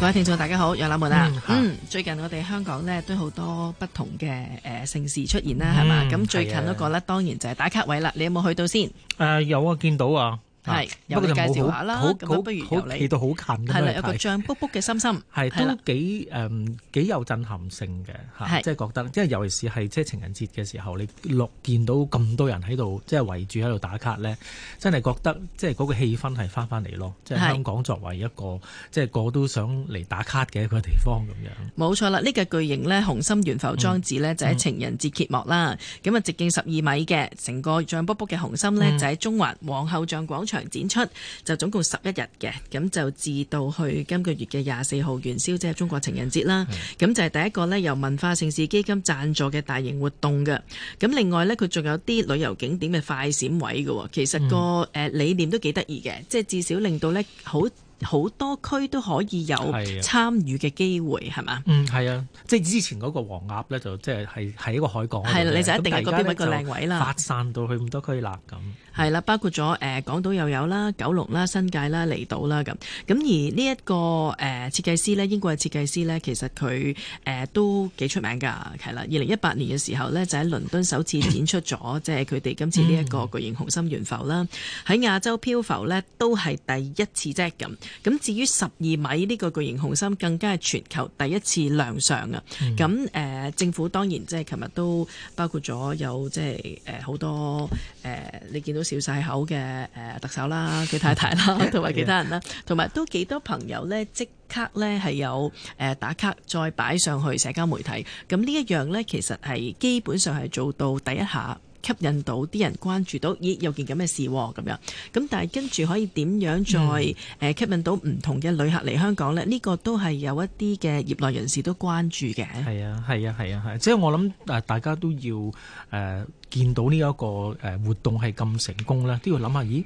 各位聽眾大家好，有冇啦？嗯、嗯，最近我哋香港咧都好多不同嘅誒盛事出現啦，係嘛？咁、嗯、最近嗰個咧，的當然就係打卡位啦。你有冇去到先？誒、呃，有啊，見到啊。係，有個介紹下啦，咁好不如嚟到好近嘅問題，係有個象卜卜嘅心心，係都幾誒、幾有震撼性嘅，即係覺得，即係尤其是係即係情人節嘅時候，你落見到咁多人喺度，即係圍住喺度打卡咧，真係覺得即係嗰個氣氛係翻翻嚟咯，即係香港作為一個即係個都想嚟打卡嘅一個地方咁樣。冇錯啦，呢個巨型咧紅心圓浮裝置咧就喺情人節揭幕啦，咁啊直徑十二米嘅，成個象卜卜嘅紅心咧就喺中環皇后像廣場，場展出就總共十一日嘅，咁就至到去今個月嘅廿四號元宵，即係中國情人節啦。咁就係第一個咧由文化盛事基金贊助嘅大型活動嘅。咁另外咧，佢仲有啲旅遊景點嘅快閃位嘅。其實個誒、嗯呃、理念都幾得意嘅，即係至少令到咧好好多區都可以有參與嘅機會，係嘛？是吧？嗯，係啊，即係之前嗰個黃鴨咧，就即係係係一個海港，係你就一定係一個靚位啦，發散到去咁多區啦咁。係啦，包括咗誒港島又有啦、九龍啦、新界啦、離島啦咁。咁而呢一個誒設計師呢，英國嘅設計師呢，其實佢誒都幾出名㗎。係啦，二零一八年嘅時候呢，就喺倫敦首次展出咗，即係佢哋今次呢一個巨型紅心懸浮啦。喺、嗯、亞洲漂浮呢，都係第一次啫咁。咁至於十二米呢、呢個巨型紅心，更加係全球第一次亮相啊。咁誒、嗯呃、政府當然即係琴日都包括咗有即係誒好多誒、呃，你見到，笑曬口嘅誒特首啦，佢太太啦，同埋其他人啦，同埋都幾多朋友呢？即刻呢係有誒打卡再擺上去社交媒體。咁呢一樣呢，其實係基本上係做到第一下吸引到啲人關注到，咦有件咁嘅事咁、啊、樣。咁但係跟住可以點樣再誒吸引到唔同嘅旅客嚟香港呢？呢、嗯、個都係有一啲嘅業內人士都關注嘅。係啊，係啊，係啊，係、啊，即係我諗誒，大家都要誒。呃見到呢一個活動係咁成功呢，都要諗下，咦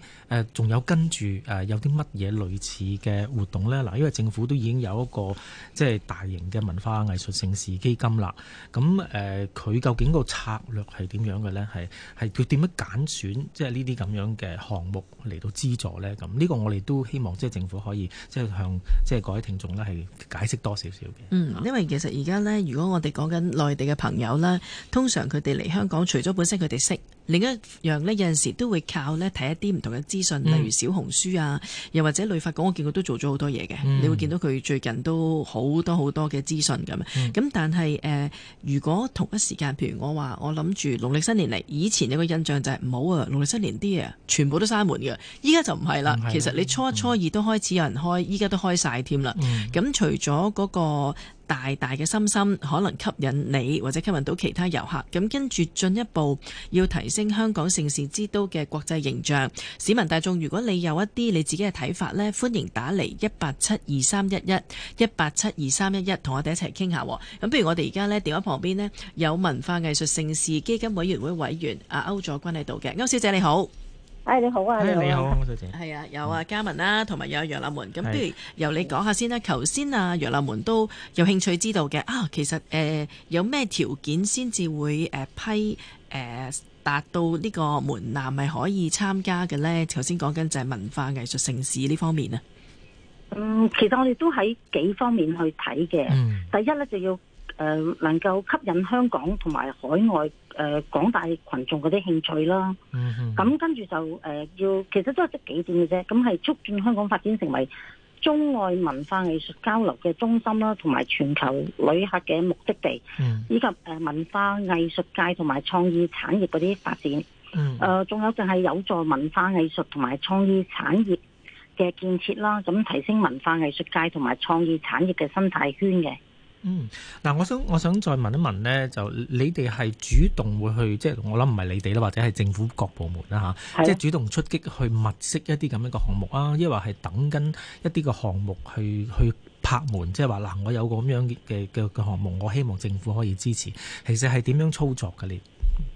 仲有跟住有啲乜嘢類似嘅活動呢？嗱，因為政府都已經有一個即係、就是、大型嘅文化藝術盛事基金啦。咁佢、呃、究竟個策略係點樣嘅呢？係佢點樣揀選即係呢啲咁樣嘅項目嚟到資助呢？咁呢個我哋都希望即係、就是、政府可以即係、就是、向即係各位聽眾呢，係解釋多少少嘅。嗯，因為其實而家呢，如果我哋講緊內地嘅朋友呢，通常佢哋嚟香港除咗本身即佢哋識。另一樣咧，有陣時都會靠咧睇一啲唔同嘅資訊，嗯、例如小紅書啊，又或者旅發局，我見佢都做咗好多嘢嘅。嗯、你會見到佢最近都好多好多嘅資訊咁。咁、嗯、但係誒、呃，如果同一時間，譬如我話，我諗住農曆新年嚟以前，有個印象就係唔好啊，農曆新年啲啊，全部都閂門嘅。依家就唔係啦，其實你初一初二都開始有人開，依家、嗯、都開晒添啦。咁、嗯、除咗嗰個大大嘅心心，可能吸引你或者吸引到其他遊客，咁跟住進一步要提。香港盛事之都嘅國際形象，市民大眾，如果你有一啲你自己嘅睇法呢，歡迎打嚟一八七二三一一一八七二三一一同我哋一齊傾下。咁，不如我哋而家呢，電話旁邊呢，有文化藝術盛事基金委員會委員阿歐楚筠喺度嘅，歐小姐你好、哎，你好啊，你好、啊，你歐小姐係啊，有啊，啊，嘉文啦，同埋有楊立門。咁不如由你講下先啦。頭先啊，楊、啊、立門都有興趣知道嘅啊，其實誒、呃、有咩條件先至會誒、呃、批誒。呃達到呢個門檻係可以參加嘅呢，頭先講緊就係文化藝術城市呢方面啊。嗯，其實我哋都喺幾方面去睇嘅。嗯、第一呢，就要誒、呃、能夠吸引香港同埋海外誒廣、呃、大群眾嗰啲興趣啦。咁、嗯、哼跟住就誒要、呃，其實都係得幾點嘅啫。咁係促進香港發展成為中外文化藝術交流嘅中心啦，同埋全球旅客嘅目的地，以及誒文化藝術界同埋創意產業嗰啲發展，誒仲有就係有助文化藝術同埋創意產業嘅建設啦，咁提升文化藝術界同埋創意產業嘅生態圈嘅。嗯，嗱，我想我想再問一問咧，就你哋係主動會去，即係我諗唔係你哋啦，或者係政府各部門啦嚇，即係、啊、主動出擊去物色一啲咁樣嘅項目啊，抑或係等緊一啲嘅項目去去拍門，即係話嗱，我有個咁樣嘅嘅嘅項目，我希望政府可以支持，其實係點樣操作嘅你，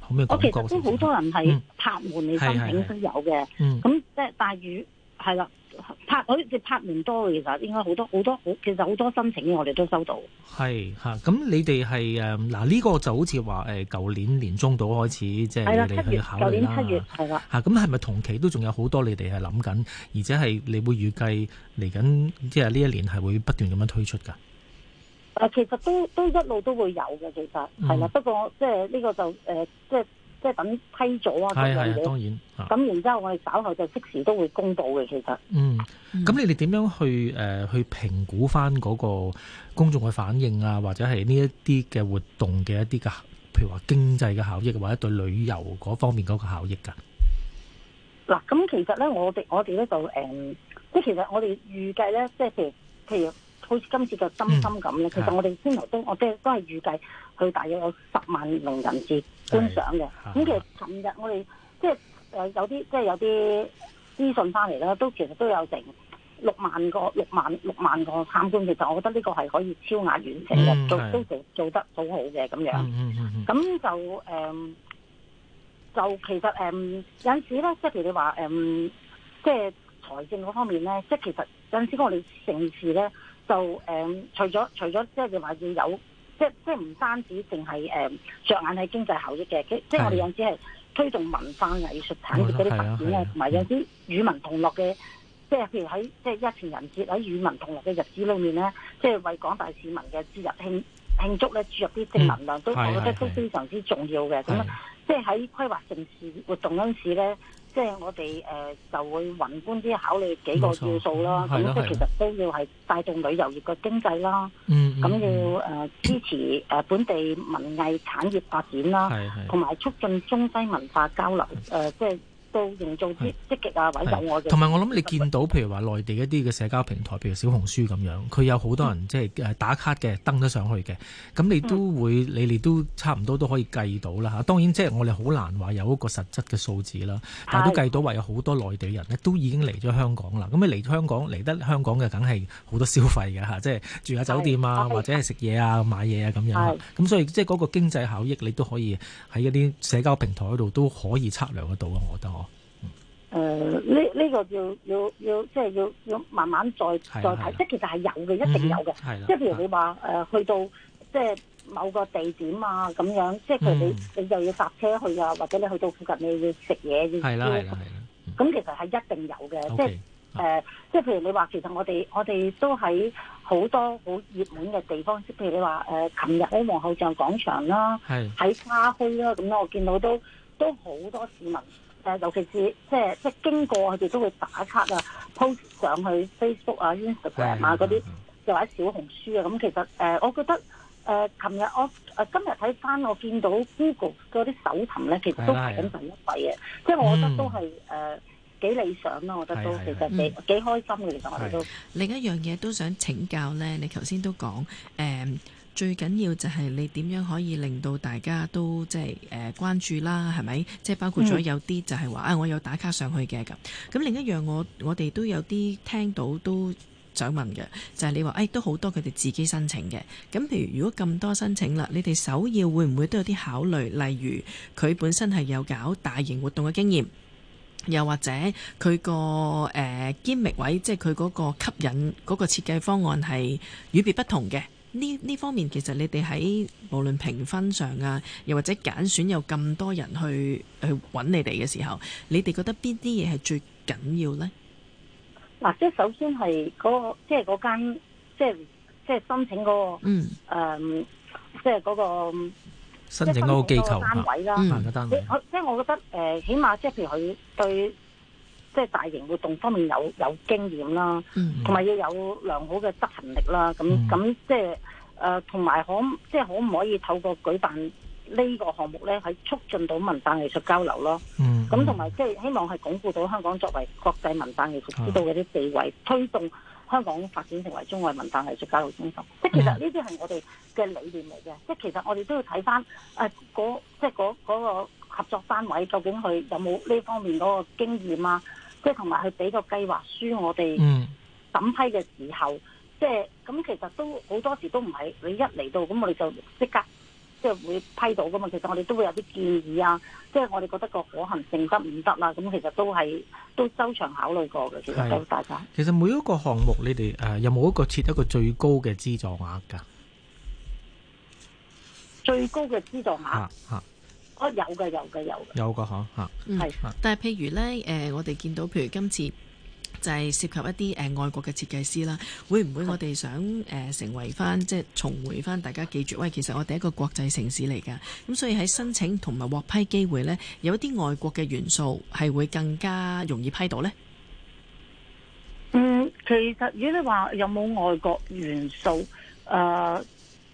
可唔可以我其實都好多人係拍門嚟、嗯、申請都有嘅，咁即係大魚係啦。係拍佢哋拍年多嘅，其實應該好多好多好，其實好多申請我哋都收到。係吓，咁你哋係誒嗱呢個就好似話誒，舊年年中度開始即係的你去考慮啦。舊年七月係啦。吓咁係咪同期都仲有好多你哋係諗緊，而且係你會預計嚟緊即係呢一年係會不斷咁樣推出噶？誒，其實都都一路都會有嘅，其實係啦、嗯。不過即係呢個就誒、呃、即。即係等批咗啊！即係當然，咁然之後我哋稍後就即時都會公佈嘅。其實，嗯，咁你哋點樣去誒、呃、去評估翻嗰個公眾嘅反應啊，或者係呢一啲嘅活動嘅一啲嘅，譬如話經濟嘅效益，或者對旅遊嗰方面嗰個效益㗎、啊？嗱，咁其實咧，我哋我哋咧就誒，即、嗯、係其實我哋預計咧，即係譬如譬如。譬如好似今次嘅心心咁咧，嗯、其實我哋先頭都，我即係都係預計佢大約有十萬名人士觀賞嘅。咁是其實尋日我哋、呃、即係誒有啲即係有啲資訊翻嚟咧，都其實都有成六萬個六萬六萬個參觀，其實我覺得呢個係可以超額完成嘅，嗯、都的都做做得好好嘅咁樣。咁、嗯嗯嗯、就誒、呃，就其實誒、呃、有陣時咧，即係譬如你話誒、呃，即係財政嗰方面咧，即係其實有陣時我哋城市咧。就誒、嗯，除咗除咗即係話要有，即即係唔單止淨係誒着眼係經濟效益嘅，的即即係我哋有啲係推動文化藝術產業嗰啲發展啊，同埋的有啲與民同樂嘅，即係譬如喺即係一情人節喺與民同樂嘅日子裏面咧，即、就、係、是、為廣大市民嘅節日慶慶祝咧注入啲正能量都，都的我覺得都非常之重要嘅。咁即係喺規劃盛事活動嗰陣時咧。即係我哋誒、呃、就會宏觀啲考慮幾個要素啦，咁即係其實都要係帶動旅遊業嘅經濟啦，咁、嗯、要誒、呃嗯、支持誒、嗯、本地文藝產業發展啦，同埋的促進中西文化交流誒，呃、的即係。都營造啲積極啊，同埋的我諗，我你見到譬如話內地一啲嘅社交平台，譬如小紅書咁樣，佢有好多人即係誒打卡嘅，登咗上去嘅。咁你都會，的你哋都差唔多都可以計到啦嚇。當然即係我哋好難話有一個實質嘅數字啦，但係都計到話有好多內地人呢都已經嚟咗香港啦。咁你嚟香港嚟得香港嘅，梗係好多消費嘅，即係住下酒店啊，的或者係食嘢啊、買嘢啊咁樣。咁的所以即係嗰個經濟效益，你都可以喺一啲社交平台嗰度都可以測量得到。我覺得。誒呢呢個叫要要，要即係要要慢慢再再睇，啊、即係其實係有嘅，嗯、一定有嘅。啊、即係譬如你話誒、呃、去到即係某個地點啊咁樣，即係譬如你、嗯、你就要搭車去啊，或者你去到附近你要食嘢嘅。係啦係啦，咁要、啊啊、其實係一定有嘅。Okay, 呃、即係誒，即係譬如你話，其實我哋我哋都喺好多好熱門嘅地方，即譬如你話誒，琴、呃、日喺皇后像廣場啦，喺、啊、花墟啦，咁樣我見到都都好多市民。誒、呃，尤其是即係即係經過佢哋都會打卡啊，post 上去 Facebook 啊、Instagram 啊嗰啲，又或者小紅書啊。咁其實誒、呃，我覺得誒，琴、呃、日我誒、呃、今日睇翻，我見到 Google 嗰啲搜尋咧，其實都排緊第一位嘅。即係我覺得都係誒、嗯呃、幾理想咯、啊，我覺得都其實幾、嗯、幾開心嘅、啊。的其實我哋都另一樣嘢都想請教咧。你頭先都講誒。嗯最緊要就係你點樣可以令到大家都即係誒關注啦，係咪？即係包括咗有啲就係話，啊、嗯哎，我有打卡上去嘅咁。咁另一樣我，我我哋都有啲聽到都想問嘅，就係、是、你話，誒、哎、都好多佢哋自己申請嘅。咁譬如如果咁多申請啦，你哋首要會唔會都有啲考慮，例如佢本身係有搞大型活動嘅經驗，又或者佢個誒 gimmick 位，即係佢嗰個吸引嗰個設計方案係與別不同嘅？呢呢方面其實你哋喺無論評分上啊，又或者揀選有咁多人去去揾你哋嘅時候，你哋覺得邊啲嘢係最緊要咧？嗱、啊，即係首先係嗰即係嗰間，即係即係申請嗰、嗰個嗯誒、呃，即係嗰、嗰個申請嗰個機構個單位啦。嗯，嗯即係我覺得誒、呃，起碼即係譬如佢對。即係大型活動方面有有經驗啦，同埋要有良好嘅執行力啦。咁咁、嗯、即係誒，同、呃、埋可即係可唔可以透過舉辦個項呢個項目咧，喺促進到文化藝術交流咯。咁同埋即係希望係鞏固到香港作為國際文化藝術之都嘅啲地位，啊，推動香港發展成為中外文化藝術交流中心，嗯。即係其實呢啲係我哋嘅理念嚟嘅。即係其實我哋都要睇翻誒，嗰、啊、即係、那、嗰、個那個合作單位究竟佢有冇呢方面嗰個經驗啊？即係同埋佢俾個計劃書，我哋審批嘅時候，嗯、即係咁，其實都好多時都唔係你一嚟到，咁我哋就即刻即係會批到噶嘛。其實我哋都會有啲建議啊，即係我哋覺得個可行性得唔得啦。咁其實都係都周詳考慮過嘅。其實都大家，其實每一個項目你哋誒、啊，有冇一個設一個最高嘅資助額噶？最高嘅資助額。啊啊有嘅，有嘅，有嘅。有嘅嚇嚇，係。但係譬如咧，誒、呃，我哋見到譬如今次就係涉及一啲誒、呃、外國嘅設計師啦，會唔會我哋想誒的、呃、成為翻即係重回翻，大家記住，喂，其實我哋一個國際城市嚟㗎，咁、嗯、所以喺申請同埋獲批機會咧，有一啲外國嘅元素係會更加容易批到咧。嗯，其實如果你話有冇外國元素，誒、呃？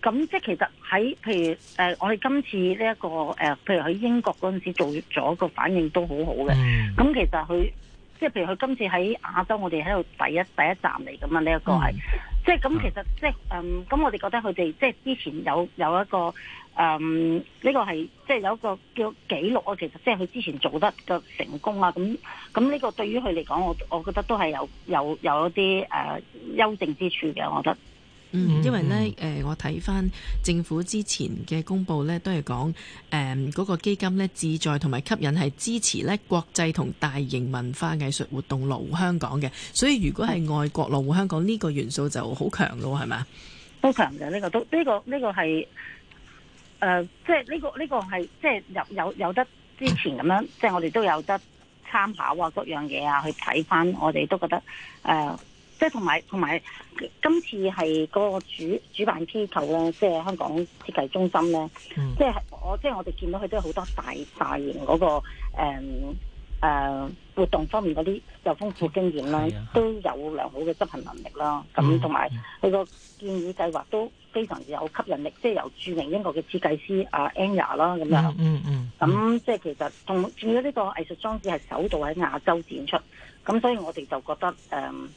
咁即係其實喺譬如誒、呃，我哋今次呢、這、一個誒、呃，譬如喺英國嗰陣時做咗個反應都好好嘅。咁、嗯、其實佢即係譬如佢今次喺亞洲，我哋喺度第一第一站嚟㗎嘛，呢、這、一個係、嗯、即係咁其實即係咁、嗯、我哋覺得佢哋即係之前有有一個誒，呢、嗯這個係即係有一個叫紀錄啊。其實即係佢之前做得嘅成功啊，咁咁呢個對於佢嚟講，我我覺得都係有有有一啲誒優勝之處嘅，我覺得。嗯，因為咧，誒，我睇翻政府之前嘅公佈咧，都係講誒嗰個基金咧，志在同埋吸引係支持咧國際同大型文化藝術活動落戶香港嘅。所以如果係外國落戶香港，呢個元素就好強咯，係咪？都強嘅，呢個都呢個呢個係誒，即係呢個呢個係即係有有有得之前咁樣，即係我哋都有得參考啊，各樣嘢啊，去睇翻，我哋都覺得誒。呃即係同埋同埋，今次係個主主辦機構咧，即係香港設計中心咧、嗯，即係我即係我哋見到佢都有好多大大型嗰、那個誒、嗯呃、活動方面嗰啲又豐富經驗啦，都有良好嘅執行能力啦。咁同埋佢個建議計劃都非常之有吸引力，即係由著名英國嘅設計師阿 Anna 啦咁樣。嗯嗯。咁、嗯那嗯、即係其實仲仲要呢個藝術裝置係首度喺亞洲展出，咁所以我哋就覺得誒。嗯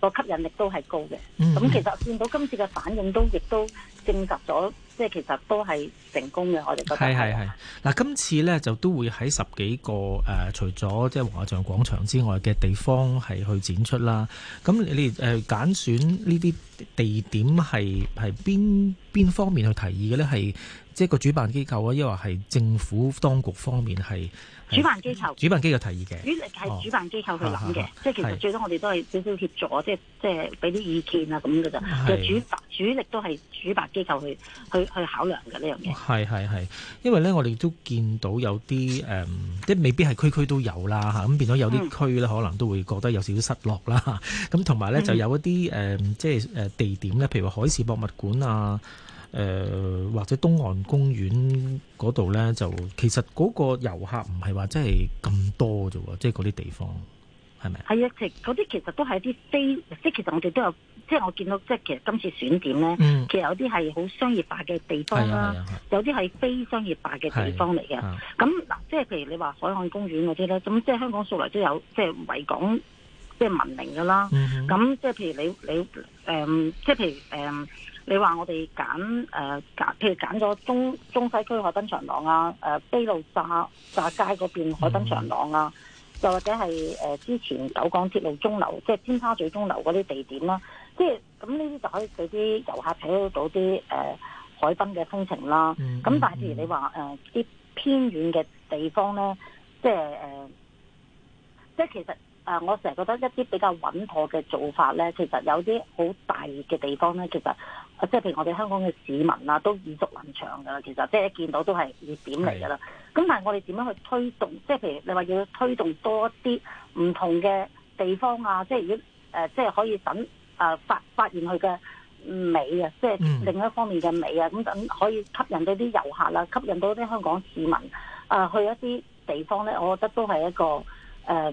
個吸引力都係高嘅，咁其實見到今次嘅反應都亦都證實咗，即係其實都係成功嘅。我哋覺得係係。嗱，今次咧就都會喺十幾個誒、呃，除咗即係皇后像廣場之外嘅地方係去展出啦。咁你誒揀、呃、選呢啲地點係係邊邊方面去提議嘅咧？係即係個主辦機構啊，抑或係政府當局方面係？主辦機構，主辦機構提議嘅，主力係主辦機構去諗嘅，哦啊啊、即係其實最多我哋都係少少協助，是即係即係俾啲意見啊咁嘅咋，是主主力都係主辦機構去去去考量嘅呢樣嘢。係係係，因為咧我哋都見到有啲誒、嗯，即係未必係區區都有啦吓，咁變咗有啲區咧，可能都會覺得有少少失落啦。咁同埋咧就有一啲誒、嗯，即係誒地點咧，譬如海事博物館啊。誒、呃、或者東岸公園嗰度咧，就其實嗰個遊客唔係話真係咁多啫喎，即係嗰啲地方係咪？係啊，即啲其實都係啲非即係其實我哋都有，即係我見到即係其實今次選點咧，嗯、其實有啲係好商業化嘅地方啦，有啲係非商業化嘅地方嚟嘅。咁嗱、啊啊，即係譬如你話海岸公園嗰啲咧，咁即係香港素來都有即係唔係講即係文明㗎啦。咁、嗯、哼即係譬如你你誒、呃，即係譬如誒。呃你話我哋揀誒，揀、呃、譬如揀咗中中西區海濱長廊啊，誒、呃，卑路乍，乍街嗰邊海濱長廊啊，又、嗯、或者係誒、呃，之前九廣鐵路鐘樓，即係尖沙咀鐘樓嗰啲地點啦，即係咁呢啲就可以俾啲遊客睇到啲誒、呃、海濱嘅風情啦。咁、嗯嗯、但係譬如你話誒，啲、呃、偏遠嘅地方咧，即係誒、呃，即係其實。誒，我成日覺得一啲比較穩妥嘅做法咧，其實有啲好大嘅地方咧，其實，即係譬如我哋香港嘅市民啊，都耳熟能詳㗎啦。其實，即係一見到都係熱點嚟㗎啦。咁是的 但係我哋點樣去推動？即係譬如你話要推動多啲唔同嘅地方啊，即係如果誒，即係可以等誒、呃、發發現佢嘅美啊，即係另一方面嘅美啊，咁等可以吸引到啲遊客啦，吸引到啲香港市民啊、呃，去一啲地方咧，我覺得都係一個誒。呃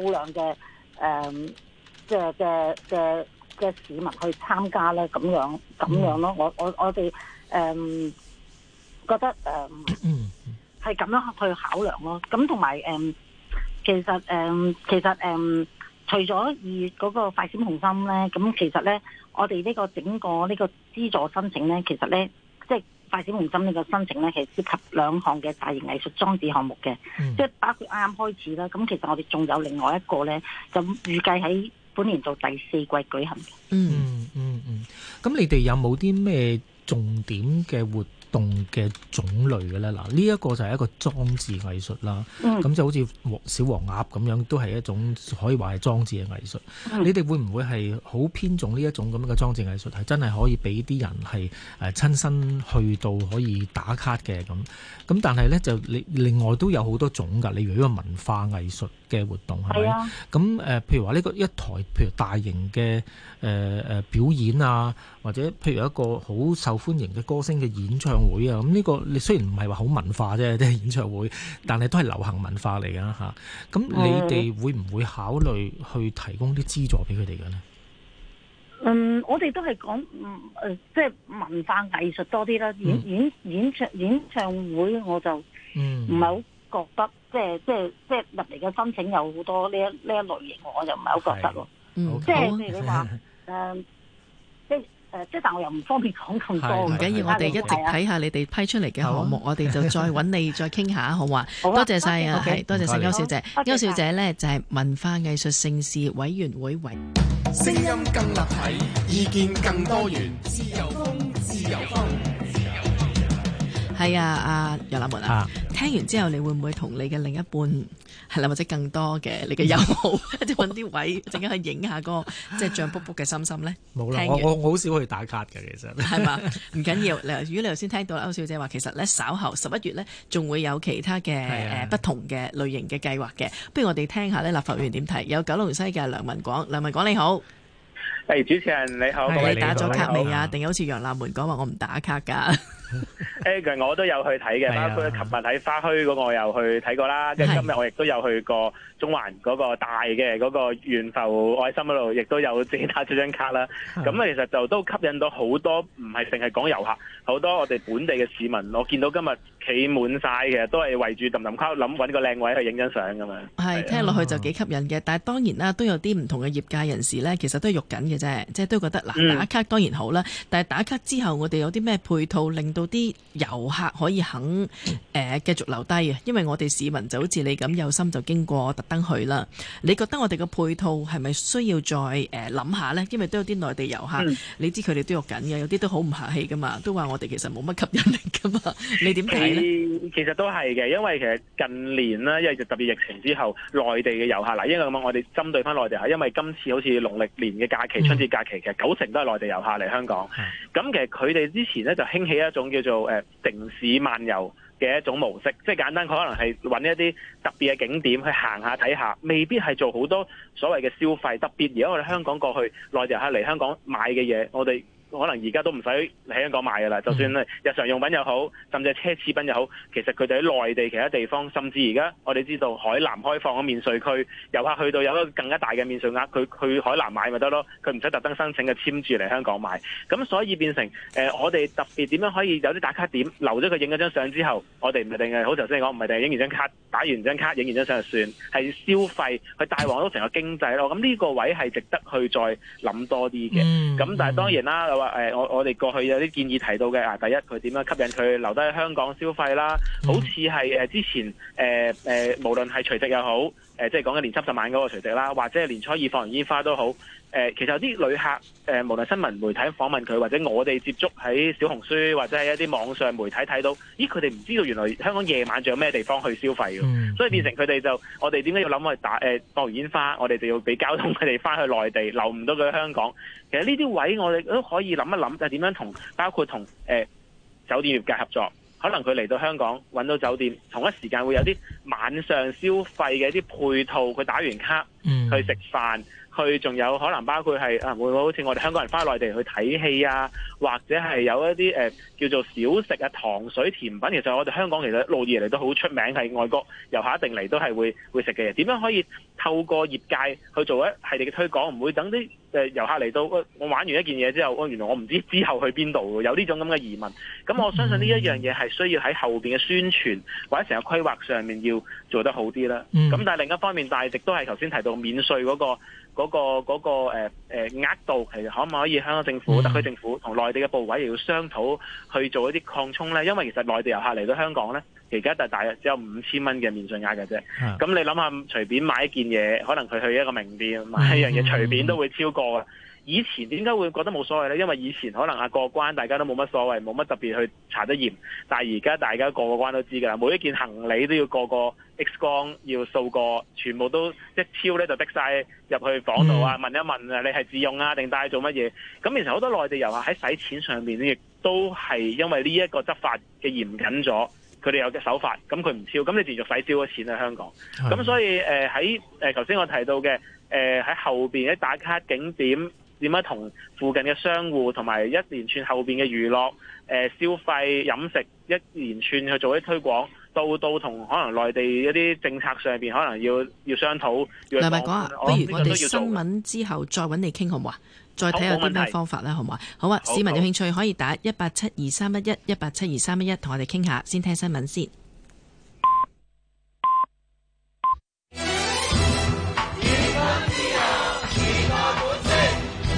數量嘅嘅嘅嘅市民去參加咧，咁樣咁樣咯，我我我哋覺得誒，嗯，係咁、嗯、樣去考量咯。咁同埋其實、嗯、其實、嗯、除咗二月嗰個快閃紅心咧，咁其實咧，我哋呢個整個呢、呢個資助申請咧，其實咧，即、係大展紅心呢個申請咧，其實涉及兩項嘅大型藝術裝置項目嘅，即係包括啱啱開始啦。咁其實我哋仲有另外一個咧，就預計喺本年度第四季舉行。嗯嗯嗯，咁你哋有冇啲咩重點嘅活動？動嘅種類嘅咧，嗱、這、呢、個、一個就係一個裝置藝術啦，咁、嗯、就好似小黃鴨咁樣，都係一種可以話係裝置嘅藝術。嗯、你哋會唔會係好偏重呢一種咁嘅裝置藝術，係真係可以俾啲人係誒親身去到可以打卡嘅咁？咁但係呢，就另另外都有好多種㗎。例如呢個文化藝術。嘅活動係咪？咁誒、啊呃，譬如話呢個一台譬如大型嘅誒誒表演啊，或者譬如一個好受歡迎嘅歌星嘅演唱會啊，咁呢個你雖然唔係話好文化啫，即係演唱會，但係都係流行文化嚟噶嚇。咁、啊、你哋會唔會考慮去提供啲資助俾佢哋嘅呢？嗯，我哋都係講誒，即、呃、係、即係、文化藝術多啲啦。演、嗯、演演唱演唱會，我就唔係好覺得。即係即係即係入嚟嘅申請有好多呢一呢一類型，我就唔係好覺得咯。即係你話誒，即誒即係，但我又唔方便講咁多。唔緊要，我哋一直睇下你哋批出嚟嘅項目，我哋就再揾你再傾下好唔好啊？多謝晒啊，多謝晒歐小姐。歐小姐咧就係文化藝術盛事委員會委員。聲音更立體，意見更多元，自由。係啊，阿楊立門啊，啊聽完之後，你會唔會同你嘅另一半，係啦、啊，或者更多嘅你嘅友好， 那個、即係揾啲位，一陣間去影下嗰個即係脹卜卜嘅心心咧？冇啦了完，我好少去打卡嘅，其實係嘛？唔緊要。如果你頭先聽到歐小姐話，其實咧稍後十一月咧，仲會有其他嘅誒、啊、不同嘅類型嘅計劃嘅。不如我哋聽下咧，立法議員點睇？有九龍西嘅梁文廣，梁文廣你好，誒、hey, 主持人你好，你打咗卡未啊？定係好似楊立門講話我唔打卡噶？誒， 我都有去睇嘅，包括琴日喺花墟嗰個我又去睇過啦，跟住今日我亦都有去過中環嗰個大嘅嗰個圓浮愛心嗰度，亦都有自己打咗張卡啦。咁咧 其實就都吸引到好多唔係淨係講遊客，好多我哋本地嘅市民，我見到今日。企滿晒嘅，都係圍住揼揼卡，諗搵個靚位去影張相咁嘛。係聽落去就幾吸引嘅，但係當然啦，都有啲唔同嘅業界人士呢，其實都喐緊嘅啫，即係都覺得嗱，打卡當然好啦，嗯、但係打卡之後，我哋有啲咩配套令到啲遊客可以肯誒、呃、繼續留低啊？因為我哋市民就好似你咁有心就經過，特登去啦。你覺得我哋嘅配套係咪需要再呃、諗下呢？因為都有啲內地遊客，嗯、你知佢哋都喐緊嘅，有啲都好唔客氣噶嘛，都話我哋其實冇乜吸引力噶嘛，你點睇？其實都係嘅，因為其實近年因為特別疫情之後，內地嘅遊客嗱，因為咁我哋針對翻內地啊，因為今次好似農曆年嘅假期、春節假期，其實九成都係內地遊客嚟香港。咁、嗯、其實佢哋之前咧就興起一種叫做誒城市漫遊嘅一種模式，即係簡單佢可能係揾一啲特別嘅景點去行下睇下，未必係做好多所謂嘅消費。特別而家我哋香港過去內地遊客嚟香港買嘅嘢，我哋。可能而家都唔使喺香港買噶啦，就算係日常用品又好，甚至奢侈品又好，其實佢哋喺內地其他地方，甚至而家我哋知道海南開放咗免稅區，遊客去到有一個更加大嘅免稅額，佢去海南買咪得咯，佢唔使特登申請嘅簽注嚟香港買。咁所以變成誒、呃，我哋特別點樣可以有啲打卡點留咗佢影嗰張相之後，我哋唔係定係好頭先講，唔係定影完張卡打完張卡影完張相就算，係消費去帶旺到成個經濟咯。咁呢個位係值得去再諗多啲嘅。咁、嗯、但係當然啦。嗯誒、呃，我我哋過去有啲建議提到嘅啊，第一佢點樣吸引佢留低喺香港消費啦？好似係誒之前誒誒、呃呃，無論係除夕又好。誒、呃，即係講緊年三十晚嗰個除夕啦，或者係年初二放完煙花都好。誒、呃，其實有啲旅客誒、呃，無論新聞媒體訪問佢，或者我哋接觸喺小紅書或者喺一啲網上媒體睇到，咦，佢哋唔知道原來香港夜晚仲有咩地方去消費嘅，所以變成佢哋就我哋點解要諗去打誒、呃、放完煙花，我哋就要俾交通佢哋翻去內地，留唔到佢香港。其實呢啲位我哋都可以諗一諗，就點樣同包括同誒、呃、酒店業界合作。可能佢嚟到香港揾到酒店，同一時間會有啲晚上消費嘅一啲配套，佢打完卡去食飯。佢仲有可能包括係啊，會唔會好似我哋香港人翻內地去睇戲啊，或者係有一啲誒、呃、叫做小食啊、糖水甜品，其實我哋香港其實路以嚟都好出名，係外國遊客一定嚟都係會會食嘅嘢。點樣可以透過業界去做一系列嘅推廣，唔會等啲誒遊客嚟到我玩完一件嘢之後，哦原來我唔知之後去邊度有呢種咁嘅疑問。咁我相信呢一樣嘢係需要喺後邊嘅宣傳或者成個規劃上面要做得好啲啦。咁、嗯、但係另一方面，但係亦都係頭先提到免稅嗰個。嗰、那個嗰、那個額度、呃呃呃、其實可唔可以香港政府特區政府同內地嘅部位又要商討去做一啲擴充咧？因為其實內地遊客嚟到香港咧，而家就大約只有五千蚊嘅免稅額嘅啫。咁的你諗下，隨便買一件嘢，可能佢去一個名店買一樣嘢，隨便都會超過啊！以前點解會覺得冇所謂呢？因為以前可能啊過關大家都冇乜所謂，冇乜特別去查得嚴。但係而家大家過個關都知㗎啦，每一件行李都要過個 X 光，要掃過，全部都一超呢，就逼晒入去房度啊！問一問啊，你係自用啊定帶做乜嘢？咁其實好多內地遊客喺使錢上面呢，亦都係因為呢一個執法嘅嚴謹咗，佢哋有隻手法，咁佢唔超，咁你持續使超咗錢喺香港。咁的所以誒喺誒頭先我提到嘅誒喺後邊啲打卡景點。點解同附近嘅商戶同埋一連串後邊嘅娛樂誒消費飲食一連串去做啲推廣，到到同可能內地一啲政策上邊可能要要商討。梁文廣啊，不如我哋新聞之後再揾你傾好唔好？再睇下啲咩方法啦，好唔好？好啊！好市民有興趣可以打一八七二三一一一八七二三一一同我哋傾下，先聽新聞先。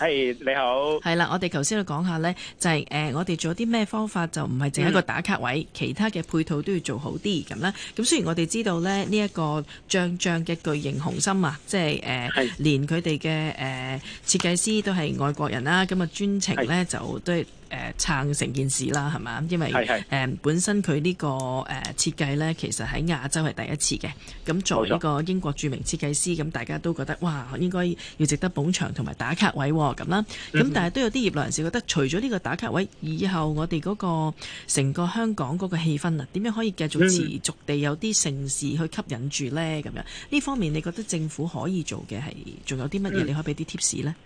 係、hey, 你好，係啦，我哋頭先都講下呢，就係、是、誒、呃，我哋做啲咩方法就唔係淨係一個打卡位，嗯、其他嘅配套都要做好啲咁啦。咁雖然我哋知道呢，呢、這、一個將將嘅巨型紅心啊，即係誒，呃、是連佢哋嘅誒設計師都係外國人啦，咁啊專程呢，就都係。誒、呃、撐成件事啦，係嘛？因為是是、呃、本身佢呢、這個誒設計呢，其實喺亞洲係第一次嘅。咁作為一個英國著名設計師，咁的大家都覺得哇，應該要值得捧場同埋打卡位咁、哦、啦。咁、嗯、但係都有啲業內人士覺得，除咗呢個打卡位，以後我哋嗰個成個香港嗰個氣氛啊，點樣可以繼續持續地有啲盛事去吸引住呢？咁樣呢方面，你覺得政府可以做嘅係仲有啲乜嘢？你可以俾啲 tips 呢、嗯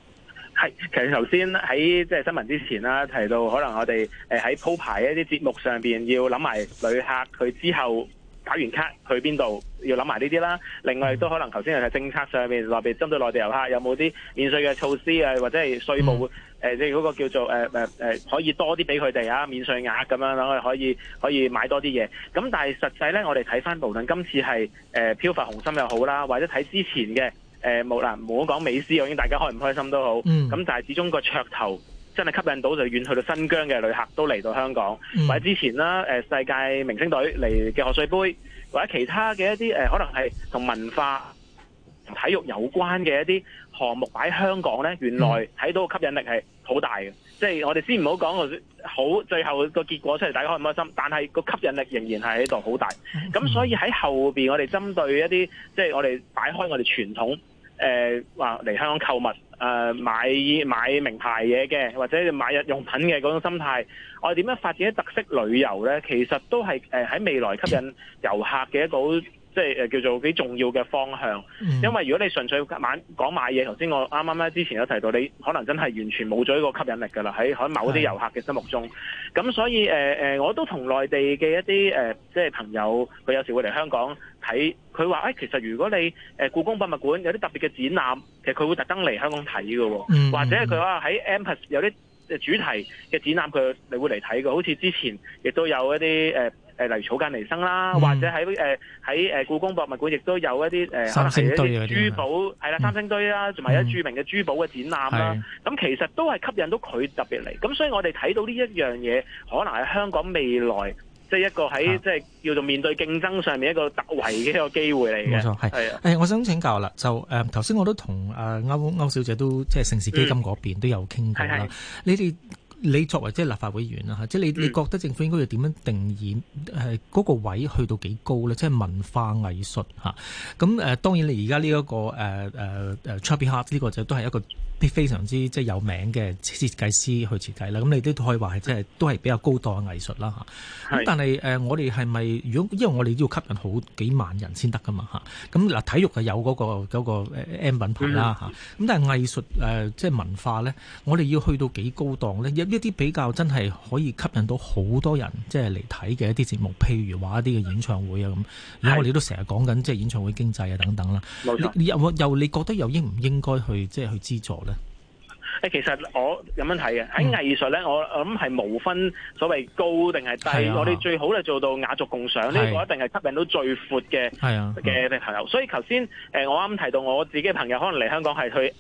其實頭先喺即係新聞之前啦、啊，提到可能我哋誒喺鋪排的一啲節目上邊，要諗埋旅客佢之後打完卡去邊度，要諗埋呢啲啦。另外亦都可能頭先係政策上面，特別、mm hmm. 針對內地遊客，有冇啲免稅嘅措施啊，或者係稅務誒，即係嗰個叫做誒誒誒，可以多啲俾佢哋啊，免稅額咁樣，等佢可以可以買多啲嘢。咁但係實際咧，我哋睇翻無論今次係誒飄浮紅心又好啦，或者睇之前嘅。誒冇啦，冇講、呃、美斯，我見大家開唔開心都好。咁就係始終個噱頭真係吸引到，就遠去到新疆嘅旅客都嚟到香港，嗯、或者之前啦、呃、世界明星隊嚟嘅賀歲杯，或者其他嘅一啲、呃、可能係同文化、同體育有關嘅一啲項目擺喺香港呢，原來睇到吸引力係、嗯、好大嘅。即係我哋先唔好講好，最後個結果出嚟大家開唔開心，但係個吸引力仍然係喺度好大。咁、嗯、所以喺後面，我哋針對一啲即係我哋擺開我哋傳統。誒，話嚟、呃、香港購物，誒、呃，買買名牌嘢嘅，或者買日用品嘅嗰種心態。我哋點樣發展啲特色旅遊咧？其實都係誒，喺、呃、未來吸引遊客嘅一個。即係、呃、叫做幾重要嘅方向，嗯、因為如果你純粹晚講買嘢，頭先我啱啱咧之前有提到，你可能真係完全冇咗呢個吸引力㗎啦，喺喺某啲遊客嘅心目中。咁、嗯、所以誒、呃、我都同內地嘅一啲誒、呃、即係朋友，佢有時會嚟香港睇，佢話誒其實如果你誒、呃、故宮博物館有啲特別嘅展覽，其實佢會特登嚟香港睇嘅喎，嗯、或者佢話喺 Empress 有啲主題嘅展覽，佢會嚟睇嘅，好似之前亦都有一啲誒，例如草間彌生啦，或者喺誒喺故宮博物館，亦都有一啲誒，例如一啲珠寶，係啦，三星堆啦，同埋一著名嘅珠寶嘅展覽啦。咁、嗯、其實都係吸引到佢特別嚟。咁所以我哋睇到呢一樣嘢，可能係香港未來即係、就是、一個喺即係叫做面對競爭上面一個突圍嘅一個機會嚟嘅。冇錯，係啊的、欸。我想請教啦，就誒頭先我都同誒歐歐小姐都即係盛事基金嗰邊都有傾過啦，嗯、你哋。你作為即係立法會議員啦嚇，即係你你覺得政府應該要點樣定義誒嗰個位去到幾高咧？即係文化藝術嚇，咁誒當然你而家呢一個誒誒誒 Chubby Hearts 呢個就都係一個。非常之即係有名嘅設計師去設計啦，咁你都可以話係即係都係比較高檔嘅藝術啦咁。是但係我哋係咪，如果因為我哋要吸引好幾萬人先得噶嘛？咁嗱，體育係有嗰個嗰個 M 品牌啦，咁的但係藝術即係、就是、文化咧，我哋要去到幾高檔咧？有一啲比較真係可以吸引到好多人即係嚟睇嘅一啲節目，譬如話一啲嘅演唱會啊，咁。而的我哋都成日講緊即係演唱會經濟啊等等啦。的你又你覺得又應唔應該去即係去資助咧？誒其實我咁樣睇嘅，喺藝術咧，我諗係無分所謂高定係低，是啊、我哋最好咧做到雅俗共賞呢、啊、個一定係吸引到最闊嘅嘅、啊、朋友。所以頭先誒我啱啱提到我自己嘅朋友可能嚟香港係去。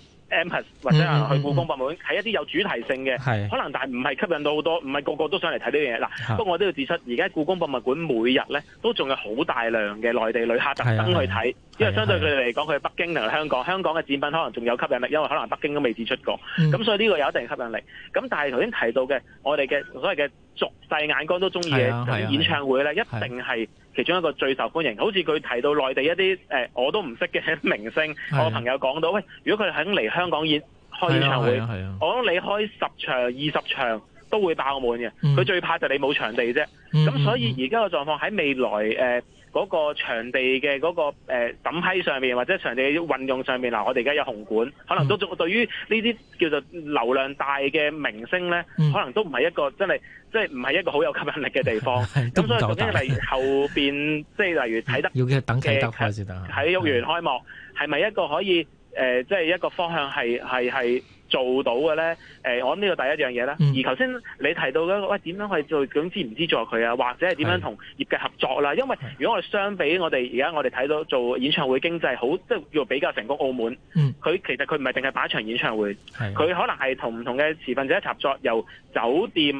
或者係去故宮博物館，係、嗯嗯嗯嗯嗯、一啲有主題性嘅，是可能但係唔係吸引到好多，唔係個個都想嚟睇呢樣嘢。嗱，是不過我都要指出，而家故宮博物館每日咧都仲有好大量嘅內地旅客特登去睇，因為相對佢哋嚟講，去北京定係香港，香港嘅展品可能仲有吸引力，因為可能北京都未展出過，咁、嗯、所以呢個有一定吸引力。咁但係頭先提到嘅，我哋嘅所謂嘅。俗世眼光都中意嘅演唱會咧，一定係其中一個最受歡迎。好似佢提到內地一啲誒我都唔識嘅明星，我朋友講到，喂，如果佢肯嚟香港演開演唱會，係啊，我諗你開十場、二十場都會爆滿嘅。佢最怕就係你冇場地啫。咁所以而家嘅狀況喺未來誒。呃嗰個場地嘅嗰、那個誒審批、呃、上面，或者場地嘅運用上面，嗱、啊，我哋而家有紅館，可能都對對於呢啲叫做流量大嘅明星咧，嗯、可能都唔係一個真係，即係唔係一個好有吸引力嘅地方。咁所以究竟例如後邊即係例如睇得， 呃、要嘅等啟德開始等體育園開幕，係咪、嗯、一個可以誒、呃，即係一個方向係係係？做到嘅咧，誒、呃，我諗呢個第一樣嘢啦。嗯、而頭先你提到咧，喂、哎，點樣去做咁資唔資助佢啊？或者係點樣同業界合作啦？的因為如果我哋相比我哋而家我哋睇到做演唱會經濟好，即係要比較成功澳門，佢、嗯、其實佢唔係淨係擺一場演唱會，佢的可能係同唔同嘅持份者合作，由酒店、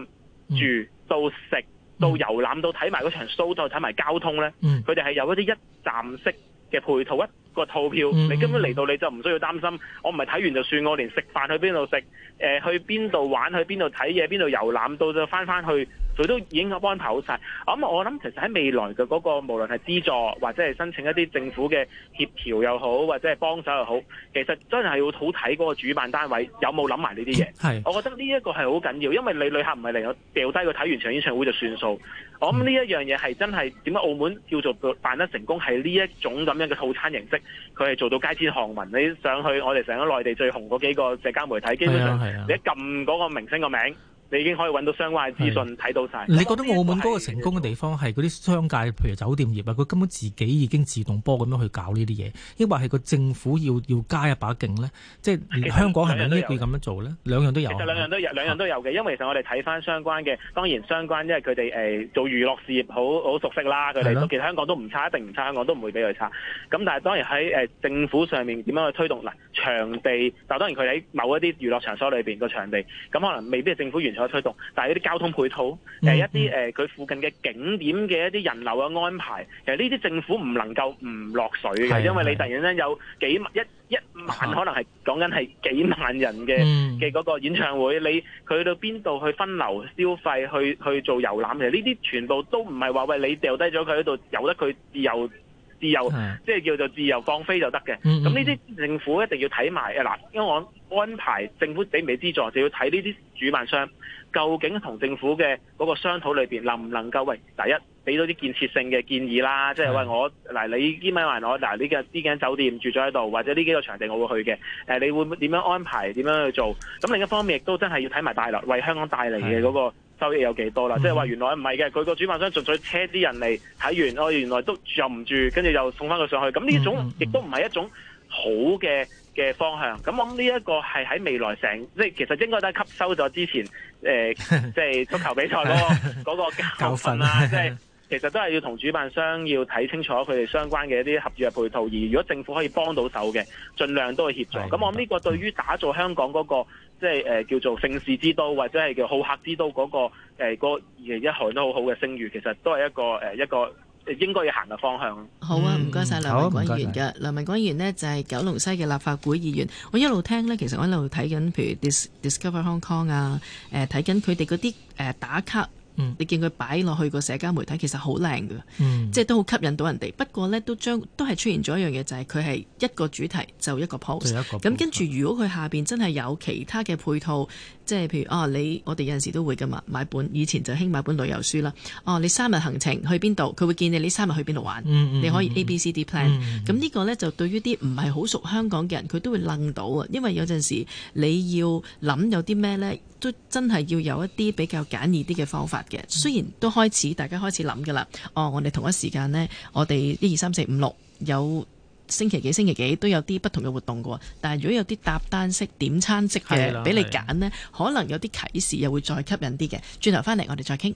嗯、住到食到遊覽到睇埋嗰場 show 到睇埋交通呢，佢哋係有一啲一站式嘅配套一個套票，你根本嚟到你就唔需要擔心，我唔係睇完就算，我連食飯去邊度食，誒、呃、去邊度玩，去邊度睇嘢，邊度遊覽，到咗翻翻去，佢都已經安排好晒。咁我諗其實喺未來嘅嗰、嗰個，無論係資助或者係申請一啲政府嘅協調又好，或者係幫手又好，其實真係要好睇嗰個主辦單位有冇諗埋呢啲嘢。係 是，我覺得呢一個係好緊要，因為你旅客唔係嚟我掉低佢睇完場演唱會就算數。我諗呢一樣嘢係真係點解澳門叫做辦得成功係呢一種咁樣嘅套餐形式。佢係做到街知巷聞，你上去我哋成個內地最紅嗰幾個社交媒體，基本上你一撳嗰個明星個名，名。你已經可以揾到相關嘅資訊，是，睇到晒。你覺得澳門嗰個成功嘅地方係嗰啲商界，譬如酒店業啊，佢根本自己已經自動波咁樣去搞呢啲嘢，抑或係個政府要要加一把勁咧？即係香港係咪呢句輩咁樣做咧？兩樣都有。其實兩樣都有，兩樣都有嘅、啊。因為其實我哋睇翻相關嘅，當然相關就係佢哋，因為佢哋誒做娛樂事業好好熟悉啦。佢哋，的其實香港都唔差，一定唔差，香港都唔會比佢差。咁但係當然喺誒、呃、政府上面點樣去推動嗱場地？就當然佢喺某一啲娛樂場所裏邊個場地，咁可能未必係政府原。再推動，但係啲交通配套，誒、呃、一啲誒佢附近嘅景點嘅一啲人流嘅安排，其實呢啲政府唔能夠唔落水嘅，是的 因為你突然間有幾萬，一一萬，可能係講緊係幾萬人嘅嘅嗰個演唱會，你去到邊度去分流消費，去去做遊覽，其實呢啲全部都唔係話喂你掉低咗佢喺度，由得佢自由。自由，即係叫做自由放飛就得嘅。咁呢啲政府一定要睇埋啊！嗱，因為我安排政府俾唔俾資助，就要睇呢啲主辦商究竟同政府嘅嗰個商討裏面能唔能夠，喂，第一俾到啲建設性嘅建議啦，即係喂是的 我嗱，你依咪話我嗱呢幾日邊間酒店住咗喺度，或者呢幾個場地我會去嘅。誒，你會點樣安排？點樣去做？咁另一方面亦都真係要睇埋大陸為香港帶嚟嘅嗰個收益有幾多啦，即係話原來唔係嘅，佢個主辦商純粹車啲人嚟睇完，哦原來都住唔住，跟住又送翻佢上去，咁呢種亦都唔係一種好嘅嘅方向。咁我諗呢一個係喺未來成，即係其實應該都係吸收咗之前即係、呃即係、足球比賽嗰、嗰、嗰、個、 個教訓啦、啊，即係 其實都係要同主辦商要睇清楚佢哋相關嘅一啲合約配套，而如果政府可以幫到手嘅，盡量都去協助。咁的我諗呢個對於打造香港嗰、那個即係誒、呃、叫做盛事之都或者係叫、那個呃、一好客之都嗰個誒二零一項都好好嘅聲譽，其實都係一個誒、呃、一個應該要行嘅方向。嗯、好啊，唔該晒梁文廣議員嘅。梁文廣議員呢，就係、是、九龍西嘅立法會議員。我一路聽呢，其實我一路睇緊，譬如 Discover Hong Kong 啊，誒睇緊佢哋嗰啲誒打卡。嗯、你見佢擺落去個社交媒體其實好靚嘅，嗯、即係都好吸引到人哋。不過呢，都將都係出現咗一樣嘢，就係佢係一個主題就一個 post。咁跟住，如果佢下面真係有其他嘅配套，即係譬如啊、哦，你我哋有時都會嘅嘛，買本以前就興買本旅遊書啦。哦，你三日行程去邊度？佢會建議你三日去邊度玩。嗯嗯、你可以 A B C D plan、嗯。咁、嗯、呢個呢，就對於啲唔係好熟香港嘅人，佢都會愣到啊，因為有陣時你要諗有啲咩呢，都真係要有一啲比較簡易啲嘅方法。嘅，雖然都開始，大家開始諗㗎啦。哦，我哋同一時間呢，我哋一二三四五六有星期幾、星期幾都有啲不同嘅活動嘅。但係如果有啲搭單式、點餐式嘅俾你揀呢，可能有啲啟示又會再吸引啲嘅。轉頭翻嚟，我哋再傾。